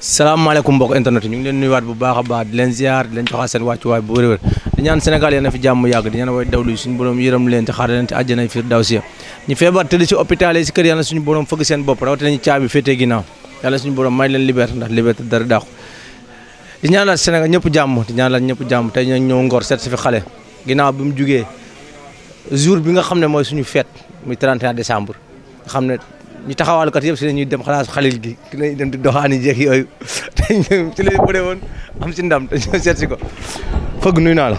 salaamaaleykum mbokk internet ñu ngi leen nuyuwaat bu baax a baax di leen ziar di leen joxaat seen wàccuwaay bu wërëwër di ñaan Sénégal yéen fi jàmm yàgg di ñaan way dawlu suñu borom yërëm leen te xaar leen te àjjana firdawsi ñu feebar tëdd ci hôpital yi ci kër yàlla suñu borom fëgg seen bopp rawatina ñu caabi féetee ginnaaw yàlla suñu borom may leen liberté ndax liberté dara dàqu di ñaanal Sénégal ñëpp jàmm di ñaanal ñëpp jàmm tey ñu ñëw ngor seet si fi bi mu jugee jour bi nga xam ne mooy suñu fête muy 31 décembre xam ne ñu taxawaalukat yëpp si la ñuy dem xalaas xalil gi ki lañuy dem di doxaani jeeg yooyu teñ woon am si ndam te ñoo seet si ko fëgg nuyu naa la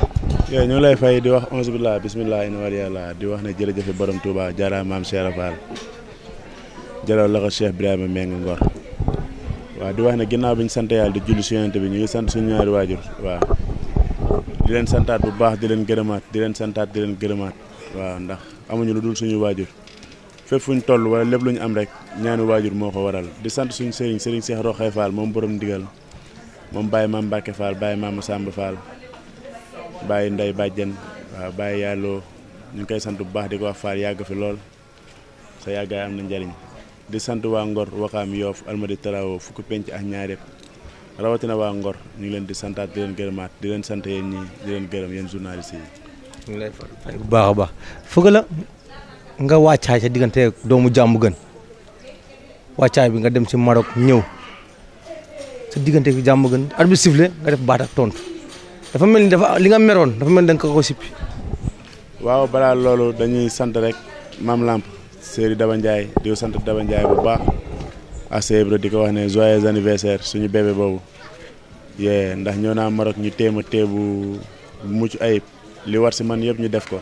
yooyu ñu lay fay di wax onze billah bismillah ina war yàlla di wax ne jërëjëfe borom Touba jaara maam Cheikh Fall jaraw loxo ko Cheikh Ibrahima Meng Ngor waaw di wax ne ginnaaw bi ñu sant yàlla di julli si yonent bi ñu ngi sant suñu ñaari waajur waaw di leen santaat bu baax di leen gërëmaat di leen santaat di leen gërëmaat waaw ndax amuñu lu dul suñu waajur fépp fu ñu toll wala lépp lu ñu am rek ñaanu waajur moo ko waral di sant suñu sëriñ sëriñ Cheikh Roxay Fall moom borom ndigal moom Baye maam Mbacke Fall Baye maam Samba Fall bàyyi Ndeye Badiane waaw bàyyi Yàlloo ñu ngi koy sant bu baax di ko wax Fall yàgg fi lool sa yàggaay am na njariñ di sant waa Ngor Wakaam Yoof Almadi Taraawo fukki penc ak ñaar yëpp rawatina waa Ngor ñu ngi leen di santaat di leen gërëmaat di leen sant yéen ñii di leen gërëm yéen journalistes yi. ñu nga wàccaay sa diggante doomu jàmm gën wàccaay bi nga dem si Maroc ñëw sa diggante bi jàmm gën arbitre sifflé nga def baat tontu dafa mel ni dafa li nga meroon dafa mel ni da ko sippi waaw balaa loolu dañuy sant rek maam làmp Seri Daba Ndiaye di sant Daba Ndiaye bu baax a asebro di ko wax ne joyeux anniversaire suñu bébé boobu yee ndax ñëw naa Maroc ñu téema bu mucc ayib li war si man yëpp ñu def ko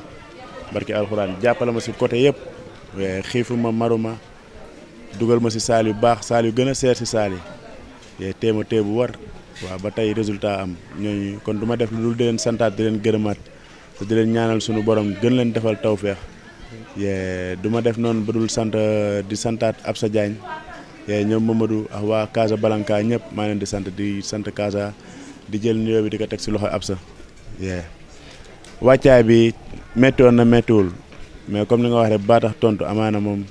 barki alxuraan jàppale ma si côté yëpp eh, xiifu ma maruma dugal ma si saal yu baax saal yu gën a seer si saal yi eh, téema tée bu war waaw ba tey résultat am ñooñu kon duma def lu dul di santaat di leen gërëmaat te di leen ñaanal suñu borom gën leen defal tawféex eh, du ma def noonu ba dul sant di santaat ab Absa Diagne ñoom Mamadou ak waa Casablanca ñëpp maa leen di sant di sant Casa di jël nuyoo bi di ko teg si loxo ab sa wàccaay bi métti woon na méttiwul mais comme ni nga wax rek baa tax tontu amaana moom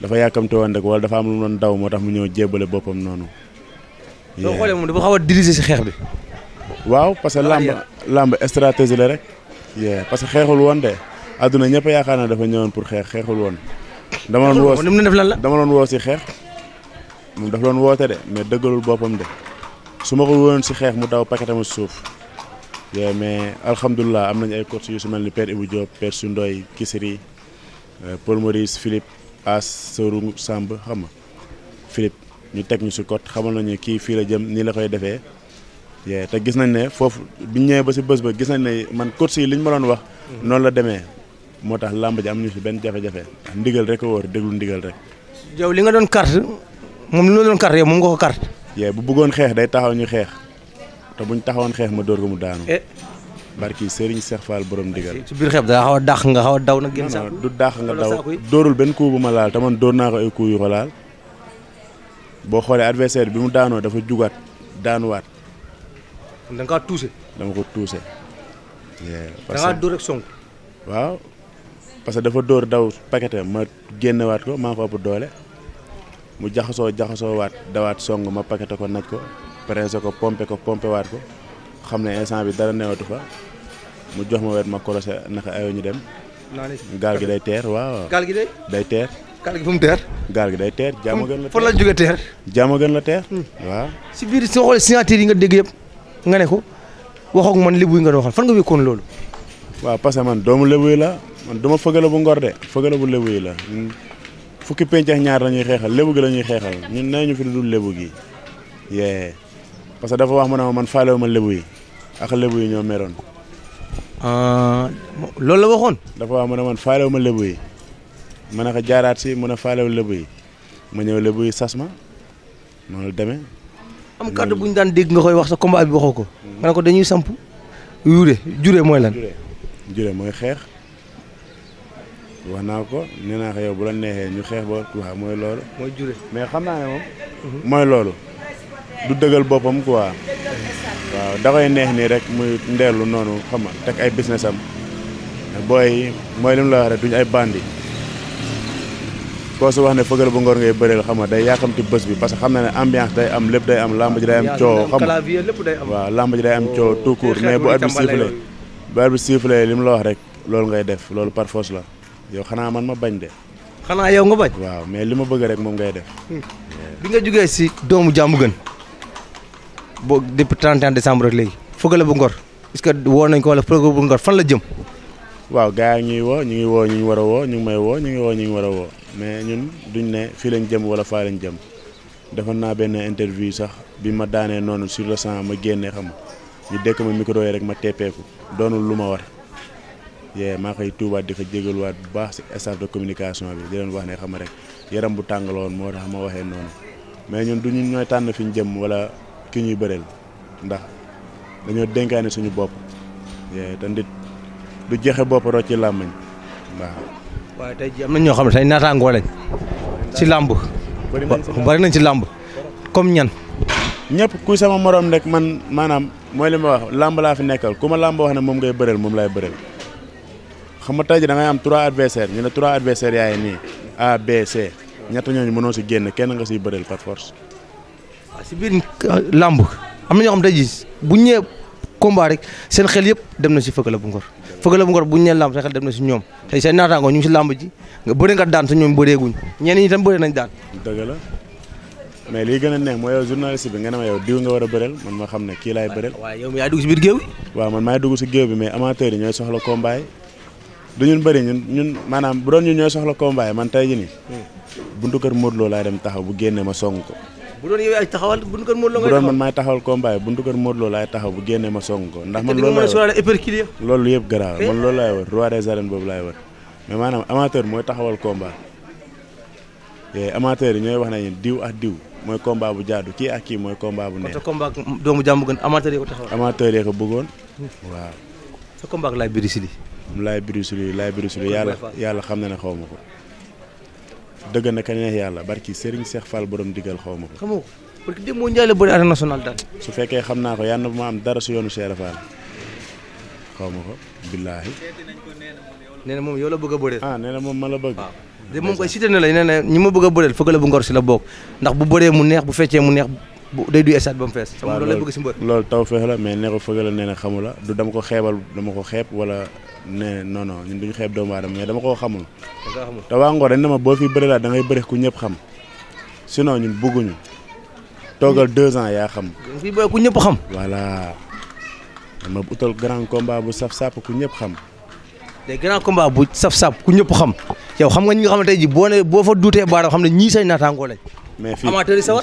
dafa yàkkamte woon rek wala dafa am lu mu doon daw moo tax mu ñëw jébbale boppam noonu. soo xoolee dafa xaw a si xeex bi. waaw parce que ah, làmb làmb stratégie la rek. parce que xeexul woon de àdduna ñëpp yaakaar na dafa ñëwoon pour xeex xeexul woon. dama doon woo def lan la dama doon woo si xeex. moom dafa doon woote de dëggalul boppam de su ma ko woon si xeex mu daw paquetam suuf. mais alhamdulilah am nañu ay coach yu si mel ni Père Ibou Diop Père Sundoy Kisiri euh, Paul Maurice Philippe As Sorou Samb xam nga Philippe ñu teg ñu si cote xamal nañu kii fii la jëm nii la koy defee te gis nañ ne foofu biñ ñëwee ba si bés ba gis nañ ne man coach yi li ñu ma doon wax. Mm-hmm. noonu la demee moo tax làmb ji am ñu si benn jafe-jafe ndigal rek a wóor déglu ndigal rek. yow li nga doon carte moom li nga doon carte yow moom nga ko carte. bu bëggoon xeex day taxaw ñu xeex. te buñ taxawoon xeex ma dóor ko mu daanu. Eh. barki Serigne Cheikh Fall borom digal. ci biir xeeb daa xaw a nga xaw a daw nag. du daax nga daw dóorul benn coup bu ma laal te man dóor naa ko ay coup yu ko laal boo xoolee adversaire bi mu daanoo dafa jugaat daanuwaat. da nga kaa tuuse. ko tuuse. parce que da ngaa dóor parce que dafa dóor daw paquet ma génnewaat ko maa ko ëpp doole mu jaxasoo jaxasoo waat dawaat song ma paquet ko naj ko. pressé ko pompé ko pompe waat ko xam ne instant bi dara newatu fa mu jox ma wet ma korosé naka ayoo ñu dem. gaal gi day teer waaw. gaal gi day day teer. gaal gi fu mu teer. gaal gi day teer jaama gën la teer fan la jógee teer. jaama gën waaw. si biir soo xoolee signature yi nga dégg yëpp nga ne ko waxoog man lébu yi nga doon waxal fan nga wékkoon loolu. waaw parce que man doomu lébu yi la man du ma fëgale bu ngor de fëgale bu lébu yi la hmm. fukki penc ak ñaar la ñuy xeexal lébu gi la ñuy xeexal ñun nee ñu fi lu gi parce que dafa wax mu ne ma man faalewu ma lébu yi ak lébu yi ñoo meroon. Ah, loolu la waxoon. dafa wax mu ne man faalewu ma lébu yi ma ne ko jaaraat si mu ne faalewu lébu ma ñëw lébu sas ma noonu demee. am kàddu bu daan dégg nga koy wax sa combat bi waxoo ko. dañuy samp yuure mooy lan. mooy xeex wax naa ko nee naa yow bu la ñu xeex ba waaw mooy loolu. mais xam naa ne moom. mooy loolu. du dëgal boppam quoi waaw da koy neex nii rek muy ndeelu noonu xam teg ay business am booy mooy li mu la wax rek duñ ay bandi koo su wax ne fëgal bu ngor ngay bëreel xam nga day yàkkamti bés bi parce que xam na ne ambiance day am lépp day am lamb day am coow xam waaw lamb ji day am coow tout court mais bu arbitre sifflé bu arbitre sifflé li mu la wax rek loolu ngay def loolu par force la yow xanaa man ma bañ de xanaa yow nga bañ waaw mais li ma bëgg rek moom ngay def hmm. bi nga si doomu jàmm gën boo depuis 31 décembre ak léegi Feugeleu bu Ngor est que woo nañ ko wala Feugeleu bu Ngor fan la jëm. waaw gars yi woo ñu ngi woo ñu ngi war a woo ñu ngi may woo ñu ngi woo ñu ngi war a woo mais ñun duñ ne fii lañ jëm wala faa lañ jëm defoon naa benn interview sax bi ma daanee noonu sur le champ ma génnee xam ñu dëkk ma micro yi rek ma teppeeku doonul lu ma war yee maa koy tuubaat di ko bu baax si staff communication bi di wax ne xam rek yaram bu tàngaloon moo tax ma waxee noonu ñooy tànn fi ñu jëm ki ñuy bëreel ndax dañoo dénkaane suñu bopp te nit du jexe bopp rocc ci làmmañ waaw. waaye tey jii na ñoo xam ne tey naataangoo lañ ci làmb. bari nañ ci làmb comme ñan. ñëpp kuy sama morom rek man maanaam mooy li ma wax làmb laa fi nekkal ku ma làmb wax ne moom ngay bëreel moom laay bëreel xam nga tey jii da am trois adversaires ñu ne trois adversaires yaay nii A B C ñooñu mënoo si génn kenn nga siy bëreel par force. waaw si biir euh, làmb am na ñoo xam tey jii bu ñu ñëwee combat rek seen xel yëpp dem na si Feugeula bu Ngor Feugeula bu Ngor bu ñu ñëwee làmb seen xel dem na si ñoom tey seen naataangoo ñu ngi si làmb ji nga bëri nga daan te ñoom bëreeguñ nañ daan. dëgg la mais liy gën a neex mooy yow journaliste bi nga ne ma xam ne kii laay bëreel. waaw yow yaa dugg si biir géew bi. waaw man maay dugg si géew bi mais amateur ñooy soxla combat du ñun bëri ñun ñun maanaam bu doon ñun ñooy soxla combat yi man tey jii nii hmm. buntu kër Modou Lo laay dem taxaw bu génne ma song ko bu doon yow ay taxawal buntu kër Modou Lo ngay taxaw bu doon man maay taxawal combat buntu kër Modou Lo laay taxaw bu génnee ma song ko ndax man loolu laay loolu yëpp garaaw eh? man loolu laay wër roi des arènes boobu laay wër mais maanaam amateur mooy taxawal combat amateur yi ñooy wax nañu diw ak diw mooy combat bu jaadu kii ak kii mooy combat bu neex. kon doomu jàmm gën amateur yi ko taxawal. ko bëggoon hmm. waaw. sa combat ak Laye Birisili. Laye Birisili Laye Birisili yàlla yàlla xam na ne xaw ma ko. dëgg na ka neex yàlla barki Serigne Cheikh Fall borom digal xaw ma ko. xamoo ko parce que démb moo njaale bëri arène nationale daal. su fekkee xam naa ko yàlla na ma am dara su yoonu Cheikh Fall xaw ma ko billaahi. nee na moom yow la bëgg a bëreel. ah nee moom ma la bëgg. waaw de moom koy cité na la nee na ñi ma bëgg a bëreel fëgg la bu ngor si la bokk ndax bu bëree mu neex bu feccee mu neex. day duy stade ba mu fees. waaw loolu bëgg si mbër. taw feex la mais neexu fëgg la nee xamula du dama ko xeebal dama ko xeeb wala nee non non ñun duñu xeeb doomu aadama mais dama koo xamul. te waa Ngor dañ ne boo fi bëri laa da ngay bëri ku ñëpp xam sinon ñun bëgguñu toogal mm. deux ans yaa xam. fii bëri ñëpp xam. voilà dama utal grand combat bu saf sàpp ku ñëpp xam. te grand combat bu saf sàpp ku ñëpp xam yow xam nga ñi nga xam ne boo nee fa duutee baaraam xam ne ñii say naataangoo lañ. mais fii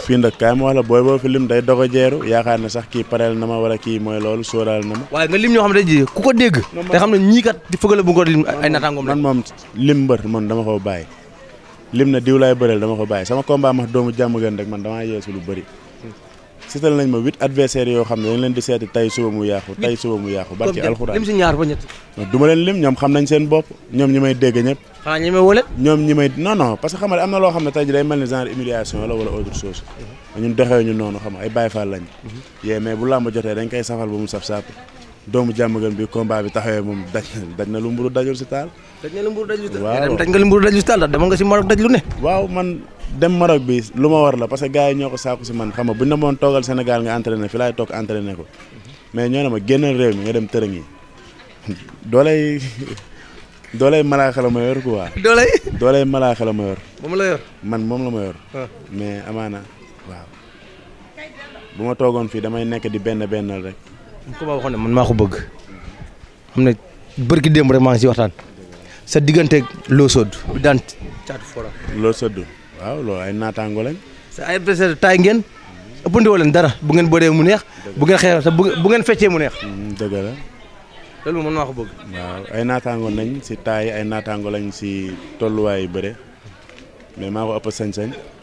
fii nag kaay ma wala booy boo fi lim day dogo yaakaar na sax kii pareel na ma wala kii mooy loolu sóoraal na ma waaye nga lim ñoo xam ne ji ku ko dégg te xam ne ñii kat di fëgale bu ko lim ay naataangoom man moom lim mbër man dama ko bàyyi lim na diw laay bëreel dama ko bàyyi sama combat ma doomu jàmm gën rek man damaa yeesu lu bëri seetal nañ ma huit adversaires yoo xam ne dañ leen di seeti tay suba mu yàqu tay suba mu yàqu barki alxuraan lim leen lim ñoom xam nañ seen bopp ñoom ñi may dégg ñëpp ñoom ñi may non non parce am na loo xam ne tey day mel ni genre humiliation la wala autre chose mhm. ñun doxee noonu xam ay Baye Fall lañ mhm. yee mais bu làmb jotee dañ koy safal ba mu saf sapp doomu jàmmagan bi combat bi taxawee moom daj daj na lu mburu dajul si taal. daj na lu mburu dajul si taal waaw daj nga lu mburu dajul si taal ndax dama nga si Maroc daj lu ne. waaw man dem Maroc bi lu ma war la parce que gars yi ñoo ko saako si man xam nga bu ñu la moon toogal Sénégal nga entraîné fi laay toog entraîné ko mais ñoo ne ma génnal réew mi nga dem tërëng yi doolay doolay malaaxa la ma yor quoi. doolay doolay malaaxa la ma yor. moom la yor man moom la ma yor. Ah. mais amaana waaw bu ma toogoon fii damay nekk di benn bennal rek. combat boo xam ne man maa ko bëgg xam ne bërki démb rek maa ngi si waxtaan sa diggante loo sodd bi daan caatu fora loo sodd waaw loolu ay naataango lañ sa ay adversaire taay ngeen ëppandoo leen dara bu ngeen bëree mu neex bu ngeen xeex sa bu ngeen feccee mu neex mm, dëgg la loolu man maa ko bëgg waaw ay naataango nañ si taay ay naataango lañ si tolluwaay bëre mais maa ko ëpp sañ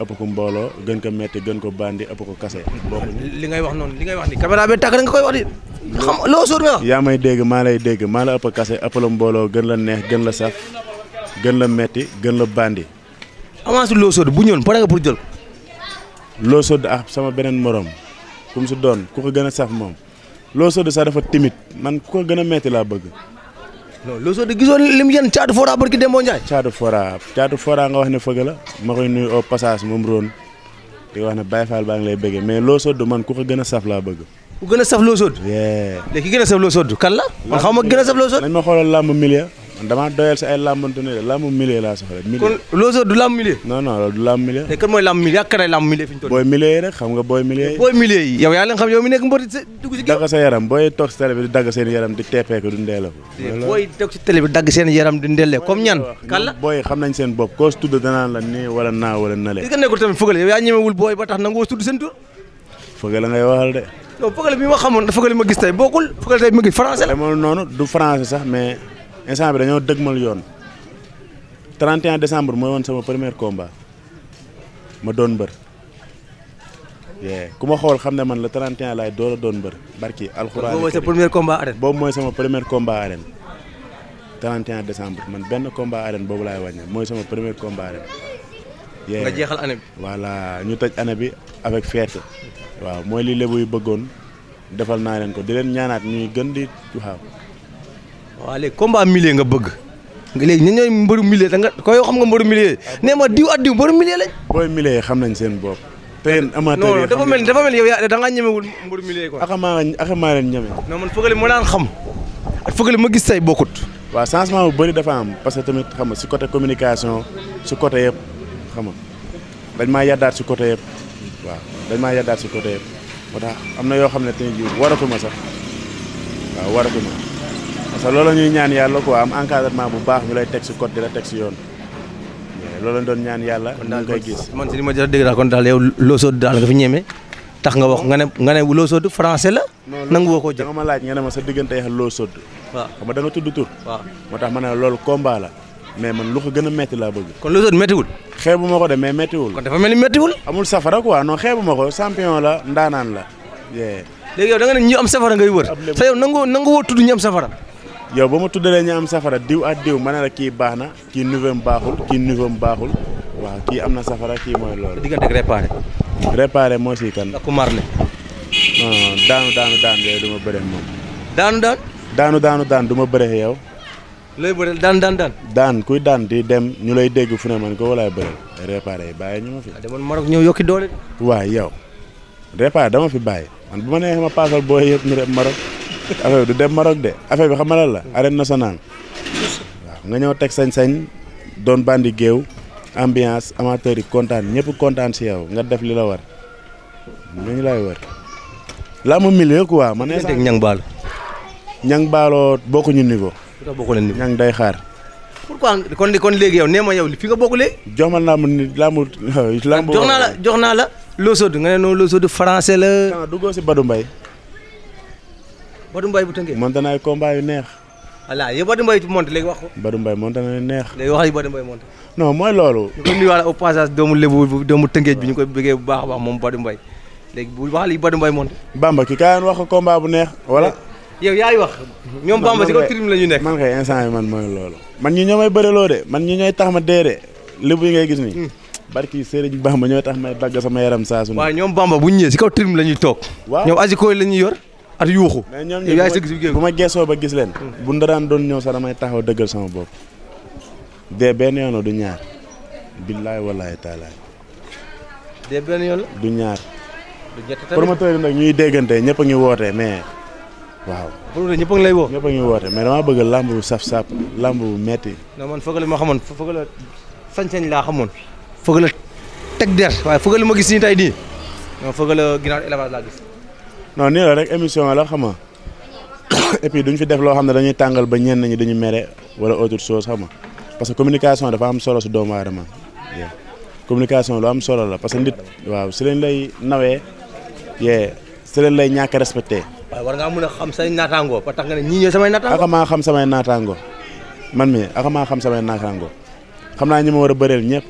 ëpp ko mbooloo gën ko metti gën ko bandi ëpp ko kase. li ngay wax noonu li ngay wax ni caméra bi tàkk nga koy wax di xam loo suur nga. yaa may dégg maa lay dégg maa la ëpp kase ëpp la mbooloo gën la neex gën la saf gën la metti gën la bandi. avance loo sóor bu ñëwoon pare nga pour jël. loo sóor ah sama beneen moroom ku mu si doon ku ko gën a saf moom loo sóor sax dafa timide man ku ko gën a metti laa bëgg. non Lozo de gisoon lim yéen Thiatou Fora barki Demba Ndiaye. Thiatou Fora Thiatou Fora nga wax ne fëgg la ma koy nuyu au passage moom roon di wax ne Baye Fall baa ngi lay bëggee mais Lô Sodou man ku ko gën a saf laa bëgg. ku gën a saf Lô Sodou. léegi ki gën a saf Lô Sodou kan man xaw ma gën a saf Lô Sodou. nañ ma xoolal làmb milieu. man damaa doyal si ay làmbante ne làmbu milieu laa soxla. milieu kon Lozo du làmb milieu. non non loolu du làmb milieu. te kan mooy làmb milieu ak kan ay làmb milieu fi ñu toll. booy milieu yi rek xam nga booy milieu yi. booy milieu yi yow yaa leen xam yow mi nekk mbër di dugg si. dagg sa yaram booy toog si télé bi di dagg seen yaram di teepee ko du ndeele ko. booy toog si télé bi dagg seen yaram di ndeele comme ñan. kan la booy xam nañ seen bopp koo si tudd danaan la nii wala naa wala nale. li nga nekkul tamit fëgale yow yaa ñemewul booy ba tax nangoo tudd seen tur fëgale ngay waxal de. non fëgale bi ma xamoon fëgale ma gis tey bokkul fëgale tey ma gis français la. noonu du français sax mais instant bi dañoo dëgmal yoon 31 décembre mooy woon sama premier komba ma doon mbër ku ma xool xam ne man la 31 laay door doon mbër barki alxuraan boobu mooy sa premier combat arène boobu mooy sama premier combat arène 31 décembre man benn combat arène boobu laay wàññe mooy sama premier combat arène nga jeexal année bi voilà ñu tëj année bi avec fierté waaw mooy li lébu yu bëggoon defal naa leen ko di leen ñaanaat ñuy gën di waaw waaw léegi combat milieu nga bëgg léegi ña ñooy mbëru milieu danga nga ko yow xam nga mbëru milieu nee ma diw at diw mbëru milieu lañ. booy milieu yi xam nañ seen bopp. te yéen amateur a dafa mel dafa mel yow yaa da ngaa ñemewul mbëru milieu yi quoi. akamaa akamaa ñeme. non man fëgale ma daan xam ak fëgale ma gis say bokkut. waa changement bu bëri dafa am parce que tamit xam nga si côté communication su côté yëpp xam nga dañ maa yàddaat si côté yëpp waaw dañ maa yàddaat si côté yëpp am na yoo xam ne tey jii waratuma sax waaw parce que loolu ñuy ñaan yàlla ko am encadrement bu baax ñu lay teg si code di la teg si yoon loolu lañ doon ñaan yàlla. kon daal koy gis man si li ma jot a dégg kon daal yow loo sóotu daal nga fi ñeme tax nga wax nga ne nga ne loo la. nangu woo ko jël ma laaj nga ne ma sa diggante yax loo sóotu. waaw xam nga da nga tudd moo tax ma ne loolu combat la mais man lu ko gën a métti laa bëgg. kon loo xeebu ma ko de mais méttiwul. kon dafa mel ni méttiwul. amul safara waa non xeebu ma ko champion la ndaanaan la. léegi yow da nga ne ñi am safara ngay wër. sa yow nangu nangu woo tudd ñi am safara yow ba ma tuddalee ñu am safara diw ak diw ma ne la kii baax na kii niveau am baaxul kii niveau am baaxul waa kii am na safara kii mooy loolu. diggante ak réparé. réparé moo si kan. ak Marley. non non daanu daanu yooyu du ma bëree moom. daanu daanu daanu daan du ma bëree yow. looy bëreel daan daan daan. daan kuy daan di dem ñu lay dégg fu ne man ko walaay bëreel réparé yi bàyyi ñu ma fi. Ah, demoon Maroc ñëw yokki doole. waaw yow réparé dama fi bàyyi man bu ma neexee ma paasal booy yëpp ñu dem Maroc. affaire bi du dem Maroc de affaire bi xam nga la arène nationale nga ñëw teg sañ-sañ doon bandi géew ambiance amateur yi kontaan ñëpp kontaan si yow nga def li la war lu ñu lay war laa mu milieu quoi man nee teg ñang baalo ñang baaloo bokkuñu niveau ñang day xaar pourquoi kon kon léegi yow nee ma yow fi nga bokkulee jox ma làmb ni làmb làmb jox naa la jox naa la loo sodu nga ne noonu loo sodu la duggoo si Badou Mbaye Badou Mbaye bu tënkee monte na ay combat yu neex voilà yow Badou Mbaye monte léegi wax ko Badou Mbaye monte neex léegi wax yi Badou Mbaye monte non mooy loolu ñu ko nuyuwaale au passage doomu lébu doomu tëngeej bi ñu koy a moom Badou Mbaye léegi bu wax li Badou Mbaye monte Bamba ki kaay wax ko combat bu neex voilà yow yaay wax ñoom Bamba si ko la ñu nekk man kay instant yi man mooy loolu man ñi ñoomay bëriloo de man ñi ñooy tax ma déedee lébu yi ngay gis nii hmm. barki Serigne Bamba ñooy tax may dagg sama yaram saa su ne waaw ñoom bu ñu ñëwee si kaw tribune la ñuy toog waaw ñoom asiko la ñuy yor at yuuxu. yaay sëgg bu ma geesoo ba gis leen. Hmm. bu ndaraan doon ñëw sax damay taxaw dëggal sama bopp. dee benn yoon du ñaar. billaay walaay taalaay. dee benn yoon la du ñaar. du ñett tamit promoteur yi nag ñuy déggante ñëpp a ngi woote mais waaw. promoteur ñëpp a ngi lay woo. ñëpp a ngi woote mais damaa bëgg làmb bu saf sap làmb bu metti. non man foog la ma xamoon foog la sañ-sañ laa xamoon. foog la teg der waaye foog la ma gis nii tey nii. non foog la ginnaaw laa gis. non nii la rek émission la xam nga et puis fi def loo xam ne dañuy tàngal ba ñenn ñi dañu mere wala autre chose xam nga parce que communication dafa am solo si doomu aadama communication lu am solo la parce que nit waaw si leen lay nawee yee si lay ñàkk respecté. waaw war ngaa a xam say naataangoo ba tax nga ne na ñooy samay naataangoo. akamaa xam samay naataangoo man mi akamaa xam samay naataangoo xam naa ñi ma war a bëreel ñëpp.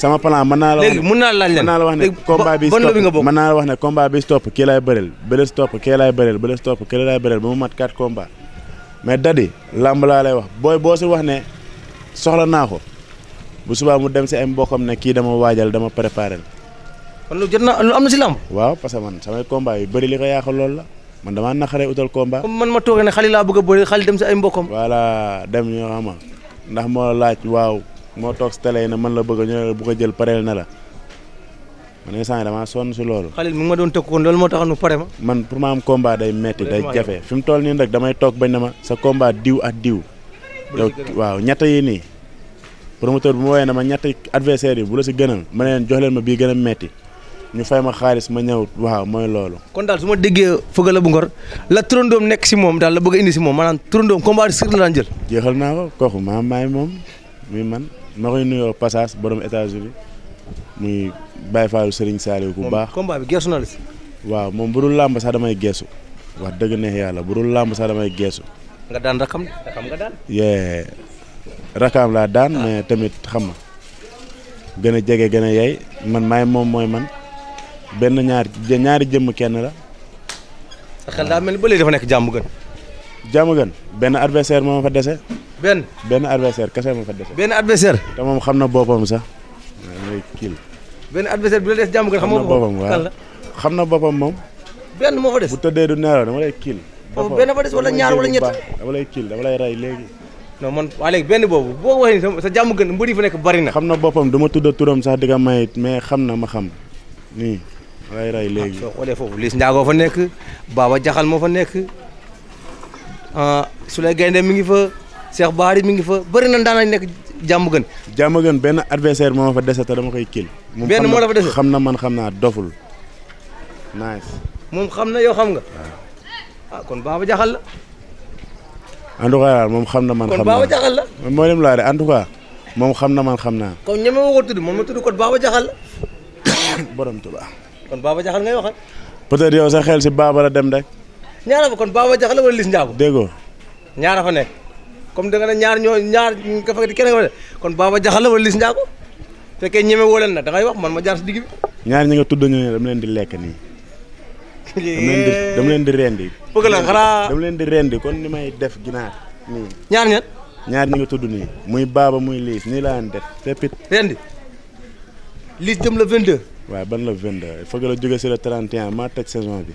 sama plan mën naa la. mën naa laaj leen mën wax ne combat bi bon bi nga ne combat bi stop kii laay bëreel bële stop kii laay bëreel bële stop kii laay bëreel ba mu mat quatre combat mais dadi làmb laa lay wax booy boo si wax ne soxla naa ko bu subaa mu dem si ay mbokkam ne kii dama waajal dama préparé la. kon lu jot am na si làmb. waaw parce que man samay combat yu bëri li ko yaaxal loolu la. man damaa naqaree utal combat. man ma toogee ne xali laa bëgg a bëri xali dem si ay mbokkam. voilà dem ñoo xam ndax moo laaj waaw moo toog si télé yi ne man la bëgg ñu bugg ko jël pareel na la man instant yii damaa sonn si loolu. Khalil mu ma doon tëkk kon loolu moo taxoon mu pare ma. man pour am combat day metti jafe fi mu toll nii rek damay toog bañ na sa combat diw ak diw. yow waaw ñett yi nii promoteur bi ma woowee ne ma ñetti adversaire yi bu la si gënal ma ne leen jox leen ma bii gën a metti ñu fay ma xaalis ma ñëw waaw mooy loolu. kon daal su ma déggee fëgg la bu ngor la turandoom nekk si moom daal la bëgg a indi si moom maanaam turandoom combat sur la daan jël. jeexal kooku maa maay moom muy man. ma koy nuyoo passage borom États-Unis muy Baye Fallou Serigne Saliou ku baax. combat waaw moom bu dul làmb sax damay geesu. wax dëgg neex yàlla bu dul làmb sax damay geesu. nga daan rakam rakam nga daan. laa daan ah. mais tamit xam nga gën a jege gën a yey man maay moom mooy man benn ñaar ñaari jëmm kenn la. sa xel daa mel ni ba dafa nekk jàmm gën. jàmm gën benn adversaire moo ma fa dese. benn benn adversaire kese fa dese. benn adversaire. te xam na boppam sax. mooy kii benn adversaire bi la des jàmm gën xam na boppam waaw xam na boppam moom. benn moo fa des bu tëddee du nelaw dama lay kiil. Oh, foofu benn fa des wala ñaar wala ñett dama lay kiil dama lay rey léegi. non man waa léegi benn boobu boo waxee ni sa jàmm gën mbër yi fa nekk bari na. xam na boppam du ma tudd turam sax di may mais xam na ma xam nii ma lay rey léegi. Ah, soo xoolee foofu Liss Ndiago fa nekk Baba Jaxal moo fa nekk ah, Souley Cheikh Baari mi ngi fa bëri na daanañ nekk jàmm gën jàmm gën benn adversaire moo a fa dese te dama koy kill benn moo la fa dese xam na man xam naa doful nice moom xam na yow xam nga ah kon baaba jaxal la en tout moom xam na man xam naa kon baaba jaxal la mooy lim laa en tout cas moom xam na man xam naa kon ñeme ko tudd man ma tudd kon baaba jaxal la borom tuba kon baaba jaxal nga waxal peut-être yow sa xel si baaba la dem rek ñaara fa kon baaba jaxal la wala lis njaago déggoo ñaara fa nekk comme da ne ñaar ñoo ñaar nga fa keneen kon Baba Jaxal la wala Liss Ndiago fekkee ñeme woo leen na da wax man ma jaar si digg bi. ñaar ñi nga tudd ñu ne leen di lekk nii. leen di rendi bëgg la xanaa dama leen di rendi kon ni may def ginaar ñaar ñet ñaar ñi nga tudd nii muy Baba muy Liss nii laa leen def féppit rendi Liss jëm la 22. waaye ban la 22 foog la jóge si le 31 maa teg saison bi.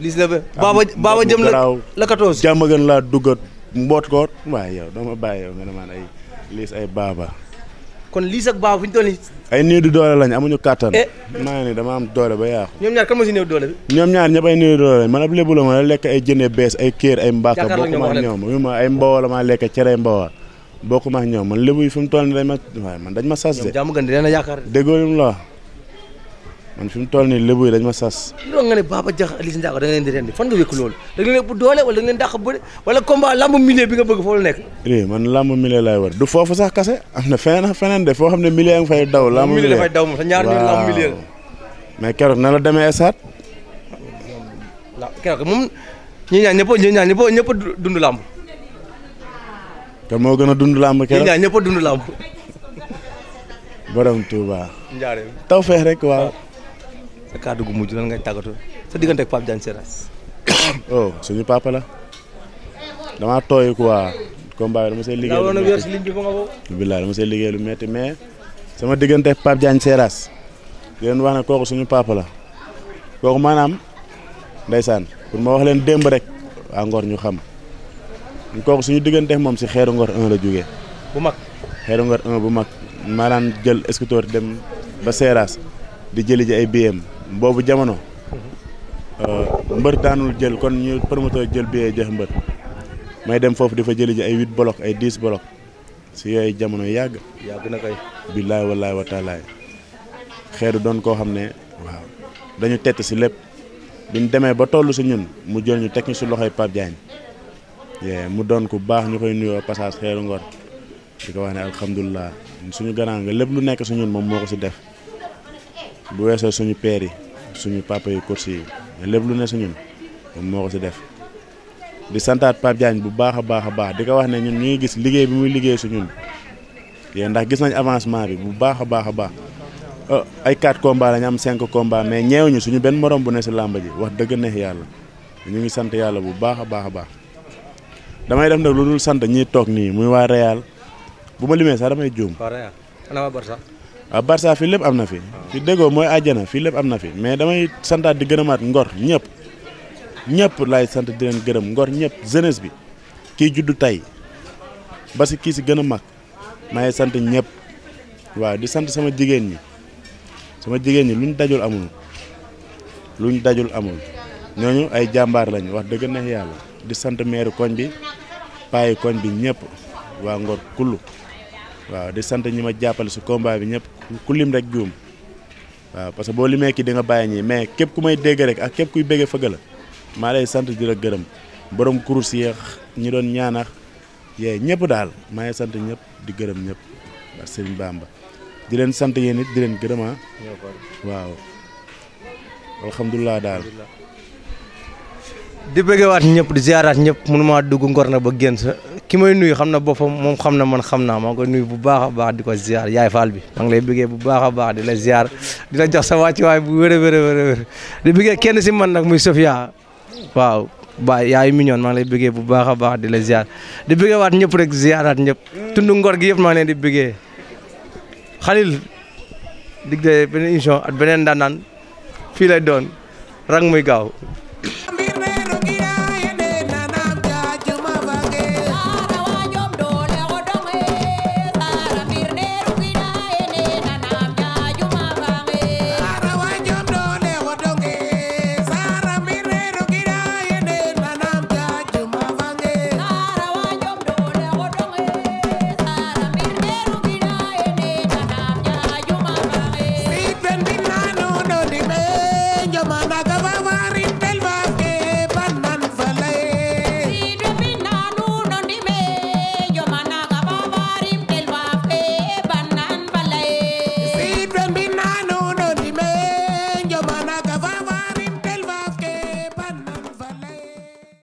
Liss la Baba Baba jëm la la 14. jàmm laa dugg mboot ko waaye yow dama bàyyi yow nga ne maanaam ay liis ay baaba. kon liis ak baaba fu ñu toll nii. ay néew du doole lañ amuñu kàttan. Eh. maa ngi ne dama am doole ba yaaxu. ñoom ñaar kan moo si ay néew doole lañ man ab ma lekk ay jënde bees ay kéer ay mbaaka bokkuma ak ñoom yu ma ay mbawa la maa lekk cere ay mbawa bokkuma ak ñoom man lébu yi fi mu toll dañ ma waaye man dañ ma sas de. ñoom jàmm a yaakaar. man fi mu toll nii lébu yi dañ ma sas. loolu nga ne Baba Jax Alis Ndiago da nga leen di rendi fan nga wékk loolu da nga doole wala da nga leen dàq bëri wala combat lamb bi nga bëgg foofu la nekk. eh man lamb milieu laay war du sax kase am na feneen feneen de foo xam ne milieu nga fay daw. lamb mais keroog na la demee esaat. waaw keroog moom ñii ñaar ñëpp ñii ñaar ñëpp ñëpp dund lamb. te moo gën a dund lamb keroog ñii ñaar ñëpp dund lamb. taw feex rek waaw. sa kàddu gu mujj lan ngay tàggatoo sa diggante ak Pape Diagne oh, papa la damaa tooy ko waa bi dama see liggéey lu métti dama see liggéey lu métti mais sama diggante ak Pape Diagne Seras di leen wax ne kooku suñu papa la kooku maanaam ndeysaan pour ma wax leen démb rek waa ñu xam kooku suñu diggante moom si xeeru Ngor 1 la jógee. bu mag xeeru Ngor bu mag maanaam jël escorteur dem ba Seras di jëli ji ay biyam. boobu jamono euh, mbër daanul jël kon ñu promoteur jël billet jox mbër may dem foofu di fa jëli ji ay huit bloc ay diis bolok si yooyu jamono yàgg. yàgg na kay. billaay wallaay wa taalaay doon koo xam ne waaw dañu tett si lépp bi demee ba toll si ñun mu jël ñu teg ñu si loxoy Pape Diagne mu doon ku baax ñu koy nuyoo passage xeeru ngor di ko wax ne alhamdulilah suñu garaan nga lépp lu nekk si ñun moom moo ko si def. bu weesee suñu père yi suñu papa yi course yi lépp lu ne suñun moom moo ko si def di santaat Pape Diagne bu baax a baax a baax di ko wax ne ñun ñu ngi gis liggéey bi muy liggéey suñun yéen ndax gis nañ avancement bi bu baax a baax a baax oh, ay 4 combats la ñu am 5 combats mais ñeewuñu suñu benn morom bu ne si làmba ji wax dëgg neex yàlla ñu ngi sant yàlla bu baax a baax a baax damay def nag lu dul sant ñiy toog nii muy waa Réal bu ma limee sax damay juum. waaw Barça fii lépp am na fi. fi déggoo mooy àjjana fii lépp am na fi mais damay santaat di gërëmaat ngor ñëpp ñëpp laay sant di leen gërëm ngor ñëpp jeunesse bi kii juddu tey ba si kii si gën a mag maay sant ñëpp waaw di sant sama jigéen ñi sama jigéen ñi luñ dajul amul lu ñu dajul amul ñooñu ay jàmbaar lañ wax dëgg neex yàlla di sant meeru koñ bi paayi koñ bi ñëpp waa ngor kullu waaw di sant ñi ma jàppale si combat bi ñëpp. ku lim rek juum waaw parce que boo limee kii di bàyyi ñii mais képp ku may dégg rek ak képp kuy béggee fëgg la maa lay sant di la gërëm borom kurus yeex ñi doon ñaanax yee ñëpp daal maa ngi sant ñëpp di gërëm ñëpp waa Bamba di leen sant yéen it di leen gërëm ah. waaw alhamdulilah daal. di bëggewaat ñëpp di ziaraat ñëpp mënuma dugg ngor na ba génn sa. ki may nuyu xam na boppam moom xam na man xam naa maa ngi koy nuyu bu baax a baax di ko ziar yaay faal bi maa ngi lay bëggee bu baax a baax di la ziar di la jox sa wàccuwaay bu wér a wér kenn si man nag muy Sofia waaw ba yaay mignon maa ngi lay bu baax a baax di la ziar di bëggee waat ñëpp rek ziaraat ñëpp tund ngor gi yëpp maa ngi di bëggee xalil dig de beneen émission fii lay doon rang muy gaaw